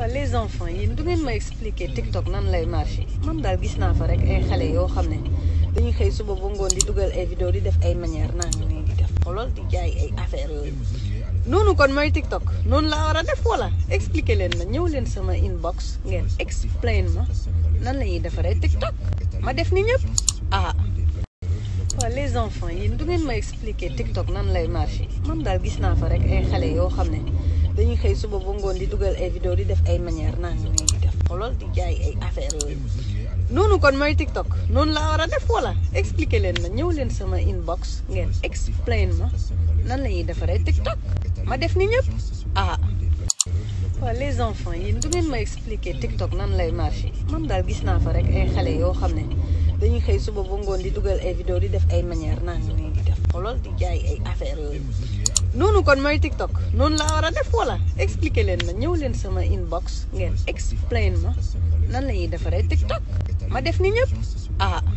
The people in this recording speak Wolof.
waaw les enfants yéen du ngeen ma expliquer TikTok nan lay marché Mam dal gis naa fa rek ay xalé yo xam dañuy xey suba ba ngoon di duggal ay vidéo di def ay manière naa ngi di def xolol di jaay ay affaire yooyu noonu kon moy TikTok non la wara def wala expliquer len na ñew len sama inbox ngeen explain ma nan lay defare TikTok ma def ni ñep. ah. waaw les enfants yéen du ngeen ma expliquer TikTok nan lay marché Mam dal gis naa fa rek ay xalé yo xam dañuy xëy suba ba ngoon di dugal ay vidéo di def ay manière naan di def xoolal di jaay ay affaire yooyu noonu kon mooy TikTok noonu laa war a def wala expliquer leen ma ñëw leen sama inbox ngeen explain ma nan la ñuy defaree TikTok ma def ni ñëpp ah. waaw les enfants yéen du ngeen ma expliquer TikTok nan lay marché man daal gis naa fa rek ay xale yoo xam ne dañuy xëy suba ba ngoon di dugal ay vidéo di def ay manière naan la ñuy def xoolal di jaay ay affaire yooyu. noonu kon mooy TikTok noonu laa war a def wala expliquer leen ma ñëw leen sama inbox ngeen explain ma nan la ñuy defaree TikTok ma def ni ñëpp ah